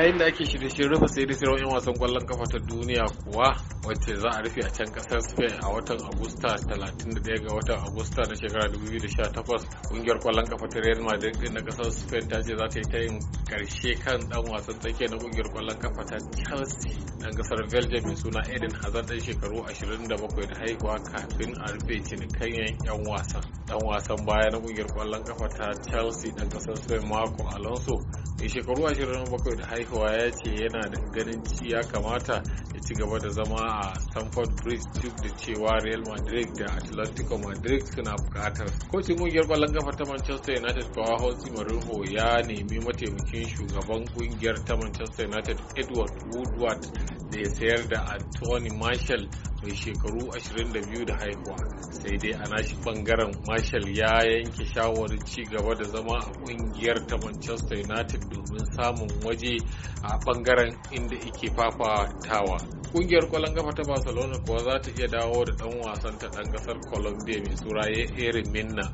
yayin da ake shirye-shirye rufe sai da sirrin wasan kwallon kafa ta duniya kuwa wacce za a rufe a can kasar Spain a watan Agusta 31 ga watan Agusta na shekara 2018 kungiyar kwallon kafa ta Real Madrid din na kasar Spain ta ce za ta yi ta yin karshe kan dan wasan tsakiya na kungiyar kwallon kafa ta Chelsea dan kasar Belgium mai suna Eden Hazard dan shekaru 27 da haihuwa kafin a rufe cinikayyar yan wasan. Dan wasan baya na kungiyar kwallon kafa ta Chelsea dan kasar Spain Marco Alonso mai shekaru 27 da haihuwa ya ce yana da ganin ci ya kamata ya ci gaba da zama a stamford bridge duk da cewa real madrid da atlantico madrid suna bukatar kocin kungiyar kwallon kafa ta manchester united kuwa hotsi marinho ya nemi mataimakin shugaban kungiyar ta manchester united edward woodward da ya sayar da Anthony Marshall mai shekaru 22 da haihuwa sai dai a nashi bangaren Marshall ya yanke shawarar ci gaba da zama a kungiyar ta Manchester United domin samun waje a bangaren inda ike tawa Kungiyar kwallon kafa ta Barcelona kuwa za ta iya dawo da dan wasan ta dan kasar Colombia mai suraye Erin Minna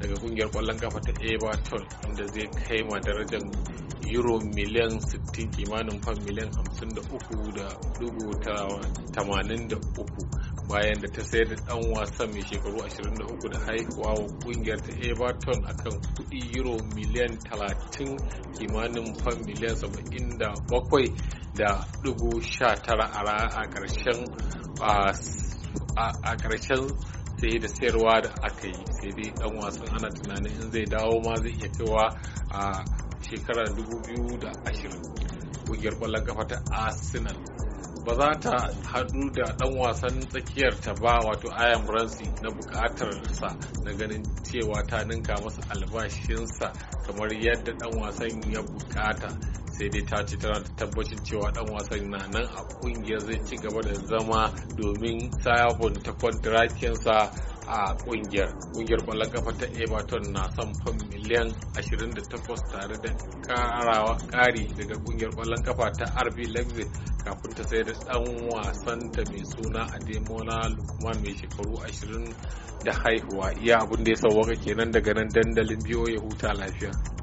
daga kungiyar kwallon kafa ta Everton inda zai kai ma darajar euro miliyan 60 kimanin fan miliyan 53.83 bayan da ta sayar da dan wasa mai shekaru 23 da haihuwa wa kungiyar ta everton akan kudi euro miliyan 30 kimanin fan miliyan 77 a karshen a ƙarshen sai da sayarwa da aka yi sai dai dan wasan ana tunanin in zai dawo ma zai iya kaiwa a shekara 2020 kungiyar kwallon kafa ta arsenal ba za ta hadu da dan wasan tsakiyar ta ba wato ayam ransi na bukatar sa na ganin cewa ta ninka masa albashinsa kamar yadda dan wasan ya bukata sai dai ta ce tana da tabbacin cewa dan wasan na nan a ƙungiyar zai ci gaba da zama domin ta kwantarakinsa a kungiyar kungiyar kwallon kafa ta everton na son fan miliyan 28 tare da karawa kari daga kungiyar kwallon kafa ta rb leipzig kafin ta sayar da dan wasan ta mai suna ademola lukman mai shekaru 20 da haihuwa iya abin da ya sauwaka kenan daga nan dandalin biyo ya huta lafiya